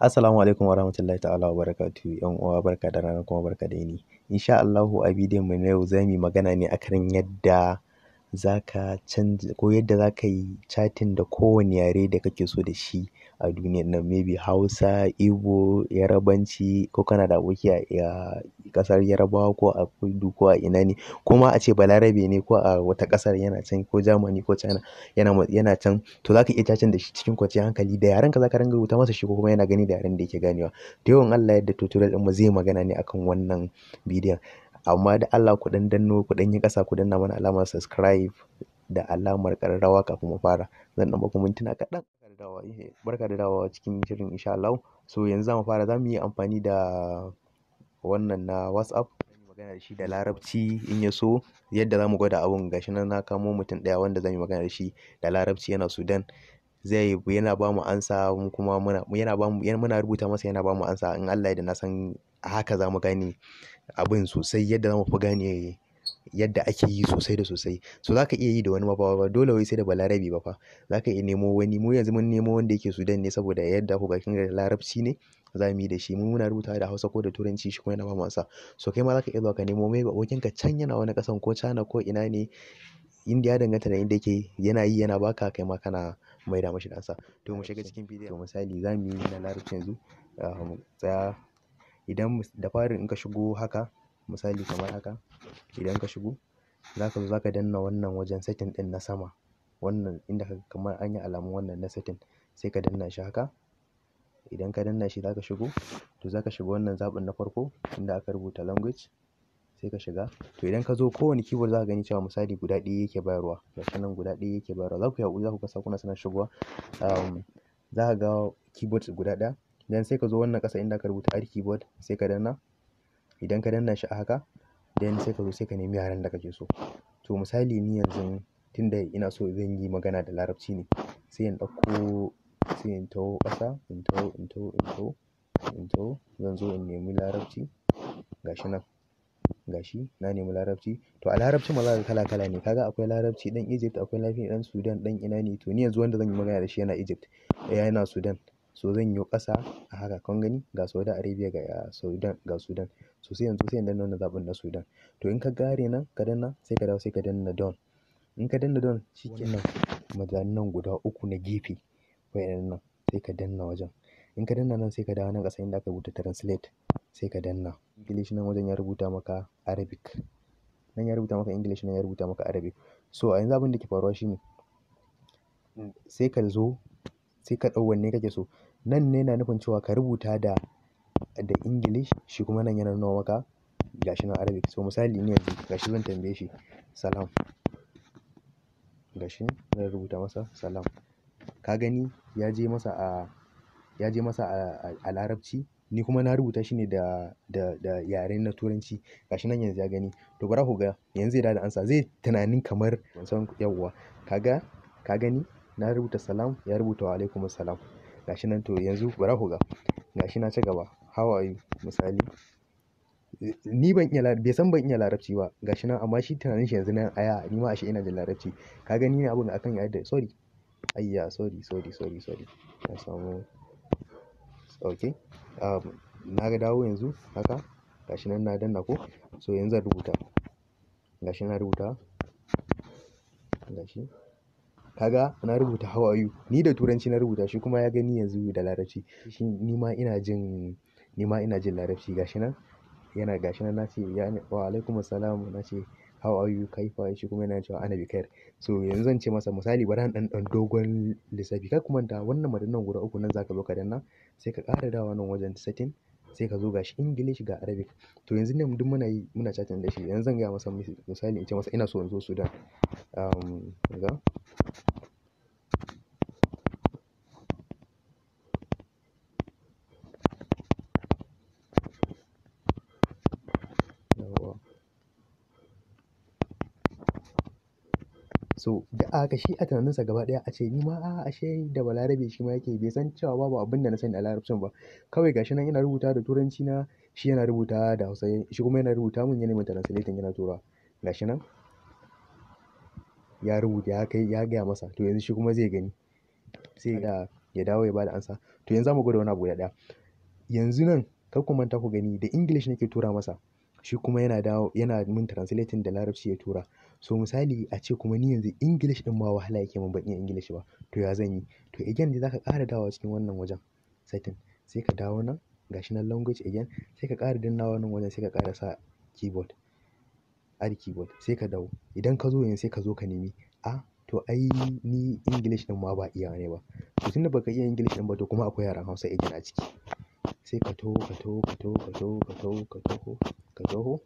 Assalamu alaikum warahmatullahi ta'ala wa barakatu. ‘yan uwa barka da rana kuma barka da yini. Insha Allahu a bidiyon mu na yau za mu yi magana ne akan yadda za ka canza ko yadda za ka yi chatting da kowane yare da kake so da shi a duniyar nan maybe Hausa, Igbo, Yarabanci ko kana da aboki a ƙasar yarbawa ko a kudu ko a ina ne kuma a ce Balarabe ne ko a wata ƙasar yana can ko Germany ko China yana yana can to zaka iya chatting da shi cikin kwanciyar hankali da yarenka zaka ringa rubuta masa shi ko kuma yana gani da yaren da yake ganewa da yawan Allah yadda tutorial din mu zai magana ne akan wannan bidiyon amma da Allah ku ɗan danno ku ɗan yi ƙasa ku danna mana alamar subscribe da alamar ƙararrawa kafin mu fara zan dan baku mintuna kaɗan barka da dawowa cikin shirin insha Allah so yanzu za mu fara za mu yi amfani da wannan na WhatsApp zan yi magana da shi da Larabci in ya so yadda za mu gwada abun gashi nan na kamo mutum ɗaya wanda zan yi magana da shi da Larabci yana Sudan zai yana ba mu ansa mu kuma ba mu muna rubuta masa yana ba mu ansa in Allah ya yarda na san haka za mu gane abin sosai yadda za mu fi gane yadda ake yi sosai da sosai so zaka iya yi da wani mafawa ba dole wai sai da balarabi ba fa zaka iya nemo wani mu yanzu mun nemo wanda yake Sudan ne saboda yadda ku bakin da larabci ne za mu yi da shi mu muna rubuta da Hausa ko da Turanci shi kuma yana ba masa so kai ma zaka iya zuwa ka nemo mai abokin ka can yana wani kasan ko cana ko ina ne inda ya danganta da inda yake yana yi yana baka kai ma kana mai da mashi dansa to mu shiga cikin bidiyo misali za mu yi na larabci yanzu tsaya idan da farin in ka shigo haka misali kamar haka idan ka shigo za ka zo za ka danna wannan wajen setting ɗin na sama wannan inda ka kamar an yi alamun wannan na setting sai ka danna shi haka idan ka danna shi za ka shigo to za ka shiga wannan zaɓin na farko inda aka rubuta language sai ka shiga to idan ka zo kowane keyboard za ka gani cewa misali guda ɗaya yake bayarwa shi nan guda ɗaya yake bayarwa za ku yi haƙuri za ku ga sakuna suna shigowa um, za ka ga keyboard guda ɗaya dan sai ka zo wannan ƙasa inda aka rubuta R keyboard sai ka danna idan ka danna shi a haka Then sai ka zo sai ka nemi yaren da kake so. To misali ni yanzu tunda ina so zan yi magana da Larabci ne, sai in ɗauko, sai in taho ƙasa, in taho, in taho, in taho, in taho. Zan zo in nemi Larabci. Gashi nan, gashi na nemi Larabci. To a Larabcin ma kala kala ne. Kaga akwai Larabci ɗan Egypt, akwai Larabci dan Sudan, dan ina ne. To ni yanzu wanda zan yi magana da shi yana Egypt, eh, yana Sudan. So zan yo ƙasa a haka kun gani ga Saudi Arabia ga Sudan ga Sudan. So sai yanzu sai in danna wannan zaɓin na Sudan. To in ka ƙare nan ka danna sai ka dawo sai ka danna don. In ka danna don shikenan mazanin nan guda uku na gefe waɗannan nan sai ka danna wajen. In ka danna nan sai ka dawo nan ƙasa inda aka rubuta translate sai ka danna. English nan wajen ya rubuta maka Arabic. Nan ya rubuta maka English nan ya rubuta maka Arabic. So a yanzu abin da ke faruwa shine sai ka zo sai ka ɗau wanne kake so. Nan ne yana nufin cewa ka rubuta da, da English shi kuma nan yana nuna maka gashi nan Arabic. So misali ni yanzu gashi zan tambaye shi salam. Gashi zan rubuta masa salam. Ka gani ya je masa a, ya je masa a, a Larabci ni kuma na rubuta shi ne da, da, da yare na Turanci. Gashi nan yanzu ya gani. To bara ku ga yanzu zai dawo da amsa. Zai tunanin kamar ban san yauwa. Ka ga? Ka gani? na rubuta salam ya rubuta wa alaikum salam. Gashi nan to yanzu bara ku ga. Gashi na ci gaba how are you misali. Ni ban iya bai san ban iya Larabci ba gashi nan amma shi tunanin shi yanzu nan aya ni ma ashe ina jin Larabci. Ka ga ni ne abun akan ya da sorry. Ayya sorry sorry sorry sorry. Na samu okay. Um, na ga dawo yanzu haka gashi nan na danna ko so yanzu zan rubuta gashi na rubuta gashi kaga na rubuta how are you ni da turanci na rubuta shi kuma ya gani yanzu da larabci shi ni ma ina jin ni ma ina jin larabci gashi nan yana gashi nan nace ya wa alaikum salam nace how are you kaifa shi kuma yana cewa ana bikair so yanzu zan ce masa misali bari na dan dogon lissafi kai kuma da wannan madannan guda uku nan zaka zo ka danna sai ka ƙara dawa nan wajen setting sai ka zo gashi English ga Arabic to yanzu ne duk muna yi muna chatting da shi yanzu zan gaya masa misali in ce masa ina so in zo Sudan um ga So da haka shi a tunaninsa gaba ɗaya a ce ni ma a ah, ashe da balarabe shi ma yake bai san cewa babu abin da na sani a larabcin ba. Kawai gashi nan ina rubuta da turanci na shi yana rubuta da hausa shi kuma yana rubuta mun yana min translating yana turawa. Gashi nan ya rubuta ya kai ya gaya masa to yanzu shi kuma zai gani. Sai ga ya dawo ya bada amsa. To yanzu za mu gwada wani abu guda ɗaya. Yanzu nan kar ku manta ku gani da English nake tura masa. shi kuma yana dawo yana min translating da larabci ya tura. So misali a ce kuma ni yanzu English ɗin ma wahala yake min ban iya English ba to ya zan yi? To again dai zaka ka ƙara dawowa cikin wannan wajen setting sai ka dawo nan gashi nan language again sai ka ƙara dannawa nan wajen sai ka ƙara sa keyboard add keyboard sai ka dawo. Idan ka zo yanzu sai ka zo ka nemi a ah, to ai ni English ɗin ma ba iya ne ba. To tunda ba ka iya English ɗin ba to kuma akwai yaren Hausa again a ciki. Sai ka ka taho, ka taho, ka taho, ka taho, ka taho. saka jaho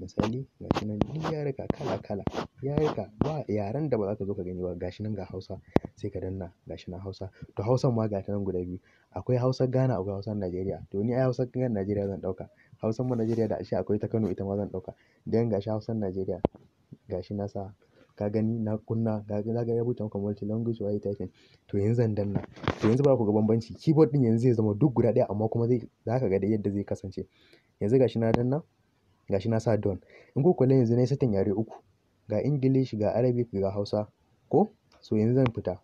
misali gashi nan duk yaruka kala kala yaruka ba yaren da ba za ka zo ka gani ba gashi nan ga Hausa sai ka danna gashi nan Hausa to Hausan ma gata nan guda biyu akwai Hausar Ghana akwai Hausar Najeriya to ni ai Hausar Ghana Najeriya zan ɗauka Hausan mu Najeriya da ashe akwai ta Kano ita ma zan ɗauka dan gashi Hausan Najeriya gashi na sa ka gani na kunna ka ga ya rubuta maka multi language waye typing to yanzu zan danna to yanzu ba ku ga bambanci keyboard din yanzu zai zama duk guda ɗaya amma kuma zai zaka ga da yadda zai kasance yanzu gashi na danna ga shi na sa don in ko kula yanzu na yi satan yare uku ga English ga Arabic ga Hausa ko so yanzu zan fita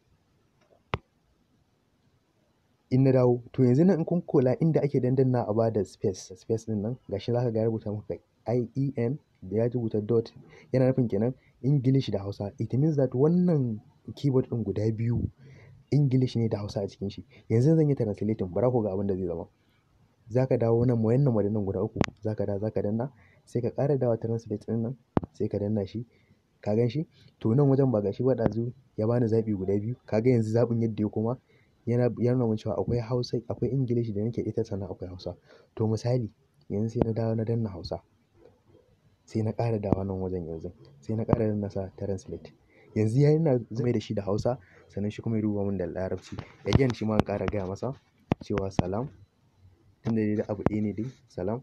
in na dawo to yanzu nan in kun kula inda ake dandanna a bada space space din nan za ka ga rubuta maka IEN da ya rubuta dot yana nufin kenan English da Hausa it means that wannan keyboard din guda biyu English ne da Hausa a cikin shi yanzu zan yi translating bara ku ga abin da zai zama za ka dawo nan wayannan wadannan guda uku za ka da ka danna sai ka ƙara dawa translate ɗin nan sai ka danna shi ka gan shi to nan wajen ba gashi ba ɗazu ya bani zaɓi guda biyu ka ga yanzu zaɓin yadda ya koma yana ya nuna cewa akwai hausa akwai ingilishi da nake ita sannan akwai hausa to misali yanzu sai na dawo na danna hausa sai na ƙara dawa nan wajen yanzu sai na ƙara danna sa translate yanzu ya yana zama da shi da hausa sannan shi kuma ya duba min da larabci again shi ma in ƙara gaya masa cewa salam tunda dai abu ɗaya ne dai salam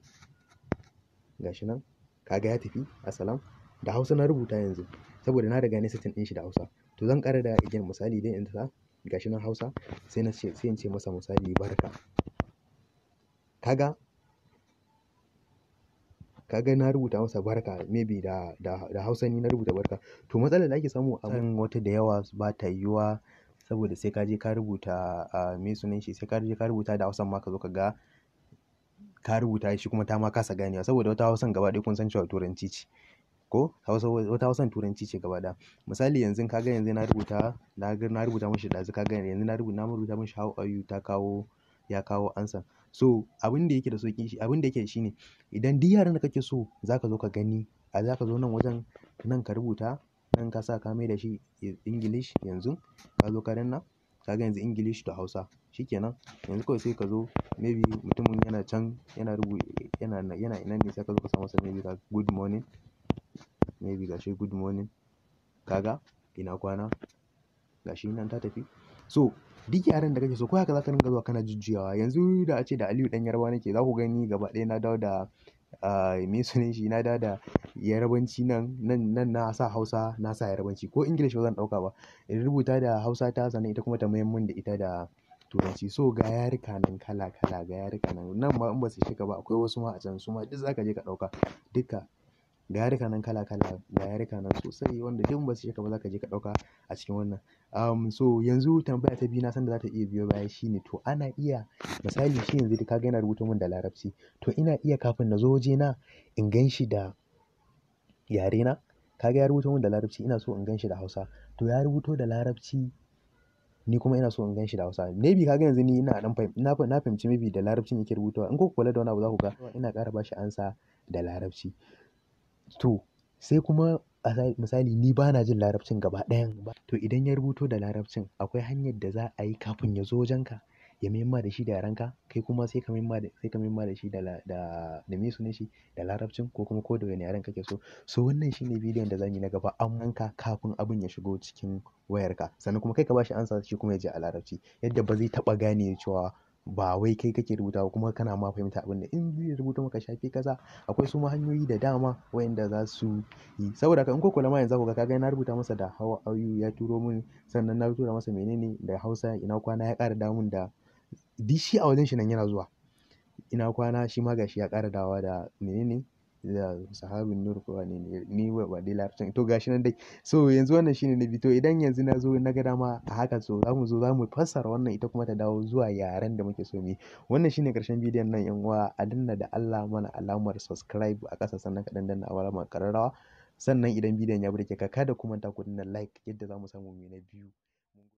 gashi nan kaga ya tafi assalam da hausa na rubuta yanzu saboda na riga na setting din shi da hausa to zan ƙara da again misali dai in ta gashi nan hausa sai na ce sai in ce masa misali barka kaga kaga na rubuta masa barka maybe da da, da hausa ni na rubuta barka to matsalar da ake samu a wata da yawa ba ta yiwuwa saboda sai ka je ka rubuta ah, me sunan shi sai ka je ka rubuta da hausan ma ka zo ka ga ka rubuta shi kuma ta ma kasa ganewa saboda wata hausan gaba ɗaya kun san cewa turanci ce ko wata hausan turanci ce gaba ɗaya misali yanzu ka ga yanzu na rubuta na ga na rubuta mishi ɗazu ka ga yanzu na rubuta na rubuta mishi how are you ta kawo ya kawo ansa. so abin da yake da sauki shi abin da yake shine idan duk yaran da kake so zaka zo ka gani a zaka zo nan wajen nan ka rubuta nan ka sa ka mai da shi English yanzu ka zo ka danna Kaga yanzu Ingilishi da Hausa shikenan. Yanzu kawai sai ka zo maybe mutumin yana can yana rubu yana yana ina ne sai ka zo ka sa masa maybe good morning maybe shi good morning. Kaga ina kwana ga shi nan ta tafi. So duk yaren da kake so ko haka ka ringa zuwa kana jujjuyawa. Yanzu da a ce da Aliyu ɗan Yarbawa nake za ku gani gaba ɗaya na dawo da ah me sunan shi na dada da Yarabanci nan, nan, nan na sa Hausa na sa Yarabanci ko English ba zan ɗauka ba. In rubuta da Hausa ta sannan ita kuma ta mayan da ita da Turanci. So ga nan kala kala, ga nan. Nan ma in ba su ishe ba akwai wasu ma a can su ma duk za ka je ka ɗauka duka. ga yarika nan kala kala ga yarika nan sosai wanda duk ba su shaka ba za je ka ɗauka a cikin wannan um, so yanzu tambaya ta biyu na san da za ta iya biyo baya shine to ana iya misali shi yanzu ka ga yana rubuta min da larabci to ina iya kafin na zo waje na in gan shi da yare na ka ga ya rubuta min da larabci ina so in gan shi da hausa to ya rubuto da larabci ni kuma ina so in gan shi da hausa maybe kaga yanzu ni ina dan na fahimci maybe da larabcin yake rubutawa in ko kula da wani abu za ku ga ina ƙara bashi ansa da larabci To sai kuma misali ni ba na jin Larabcin gaba ɗayan ba. To idan ya rubuto da Larabcin akwai hanyar da za a yi kafin ya zo wajenka ya maimma da shi da yarenka kai kuma sai ka maimma da, sai ka da shi da, me sunan shi? Da Larabcin ko kuma ko da wani yaren kake so. So wannan shine bidiyon da yi na gaba an ka kafin abin ya shigo cikin wayarka. Sannan kuma kai ka bashi ansa shi kuma ya je a Larabci yadda ba zai taɓa gane cewa. ba wai kai kake rubuta ba kuma kana ma fahimta abin da in zai rubuta maka shafi kaza akwai su ma hanyoyi da dama wayanda za su yi saboda ka in ko kula ma yanzu ka ga na rubuta masa da hawa ayu ya turo min sannan na tura masa menene da Hausa ina kwana ya ƙara damun da dishi a wajen shi nan yana zuwa ina kwana shi ma gashi ya ƙara dawa da menene sahabin nur ko wane ne ni ba dai larabcin to gashi nan dai so yanzu wannan shine na bi to idan yanzu na zo na ga dama a haka so zamu zo zamu fassara wannan ita kuma ta dawo zuwa yaren da muke so mu wannan shine karshen bidiyon nan yan uwa a danna da Allah mana alamar subscribe a ƙasa sannan ka a danna alamar kararrawa sannan idan bidiyon ya burge ka kada kuma ta ku danna like yadda zamu samu mu na biyu